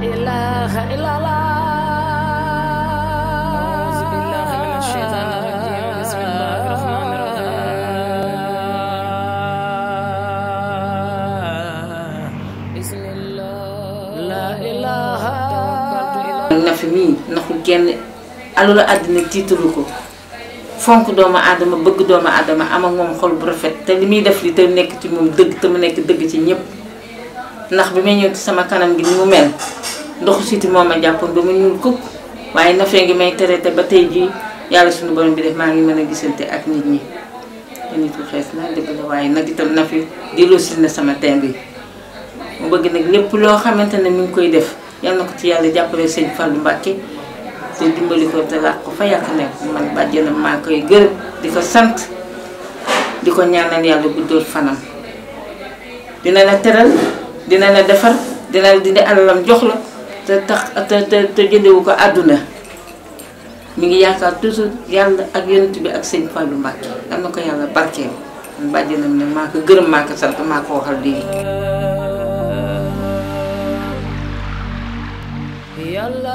إله إلا الله أعوذ بالله من الشيطان الرجيم بسم الله الرحمن الرحيم بسم الله لا إله na fi mii na ko génn alalu àddina tiitalu ko fonk doomu aadama bëgg doomu aadama am ak moom xol bu rafet te li muy def li te nekk ci moom dëgg te mu nekk dëgg ci ñëpp ndax bi may ñëw ci sama kanam gi ni mu mel ndoxu siti moo ma jàppoon ba mu ñuul kukk waaye na fee ngi may traité ba tey jii yàlla suñu borom bi def maa ngi mën a gisante ak nit ñi te nit ku xees na dëgg la waaye nag itam na fi delloosi na sama teint bi mu bëgg nag lépp loo xamante ne mi ngi koy def yal na ko ci yàlla jàppale fan lu Mbacke te dimbali ko te làq ko fa yàq nekk man bàjjenam maa koy gërëm di ko sant di ko ñaanal yàlla guddal fanam dina la teral dina la defar dina la di alalam jox te tax te te te jëndewu ko àdduna mi ngi yaakaar toujours yàlla ak yonent bi ak sëñ Fallou Mbacke am na ko yàlla barkeel man bàjjenam ne maa ko gërëm maa ko sant maa ko waxal lii. Yalla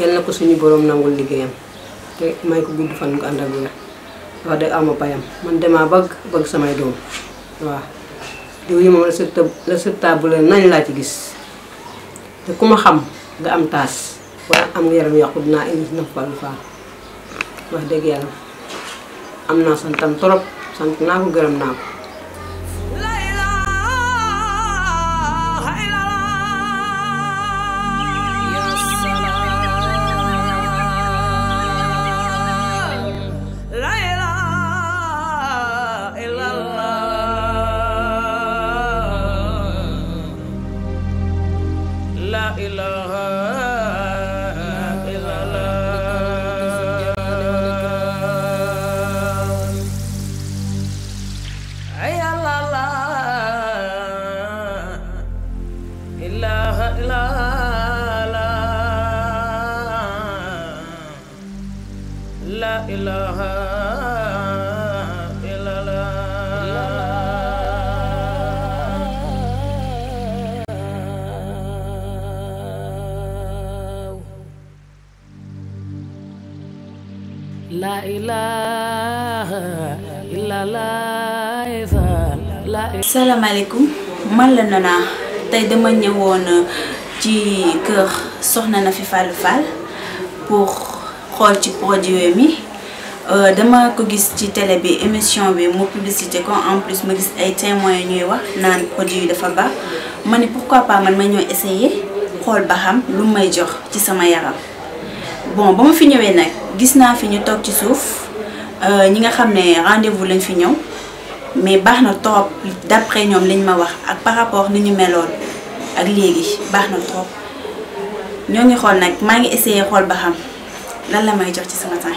yalla ko suñu borom nangul liggéeyam te may ko guddu fan ko andal ak wax de ama payam man dama bag bag samay doom wa di yi mom la résultat table nañ la ci gis te kuma xam nga am tas, wa am yaram yàqu dinaa na fal fa wax dëgg yalla Amna santam trop sant na ko na. na ko love her. La ilaha illallah salaamaaleykum man la Nana tey dama ñewone euh, ci kër soxna na fi fal Fall pour xol ci produit mi euh, dama ko gis ci télé bi émission bi mo publicité ko en plus ma gis ay témoins ñuy wax nan produit dafa ba mané pourquoi pas man ma ñew essayer xol ba xam lu may jox ci sama yaram bon ba ma fi ñëwé nak gis na fi ñu tok ci souf euh ñi nga xamné rendez-vous lañ fi ñëw mais baxna top d'après ñom liñ ma wax ak par rapport ni ñu meloon ak légui baxna top ñoo ngi xol nak ma ngi essayer xol ba xam lan la may jox ci sama temps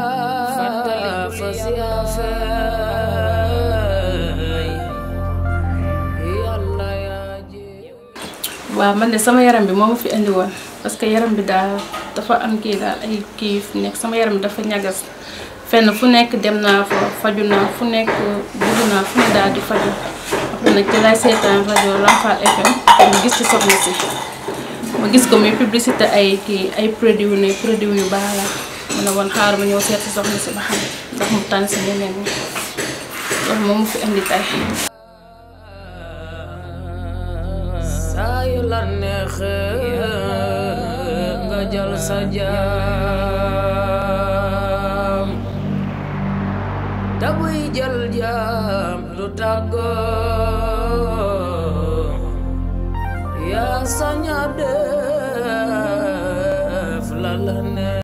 waaw man de sama yaram bi moo ma fi indi woon parce que yaram bi daal dafa am kii daal ay kii fu nekk sama yaram bi dafa ñagas fenn fu nekk dem naa fa faju naa fu nekk dugg naa fu ne daal di faju après nag ci lay seetaan rajo Lamfal FM mu gis ci soxna si ma gis ko muy publicité ay kii ay produit yu ne produit yu baax la ma xaar ma ñëw seet si soxna ba xam ndax mu tànn si ñeneen ñi loolu fi indi tey la neex nga jël sa jaam te buy jël deh, du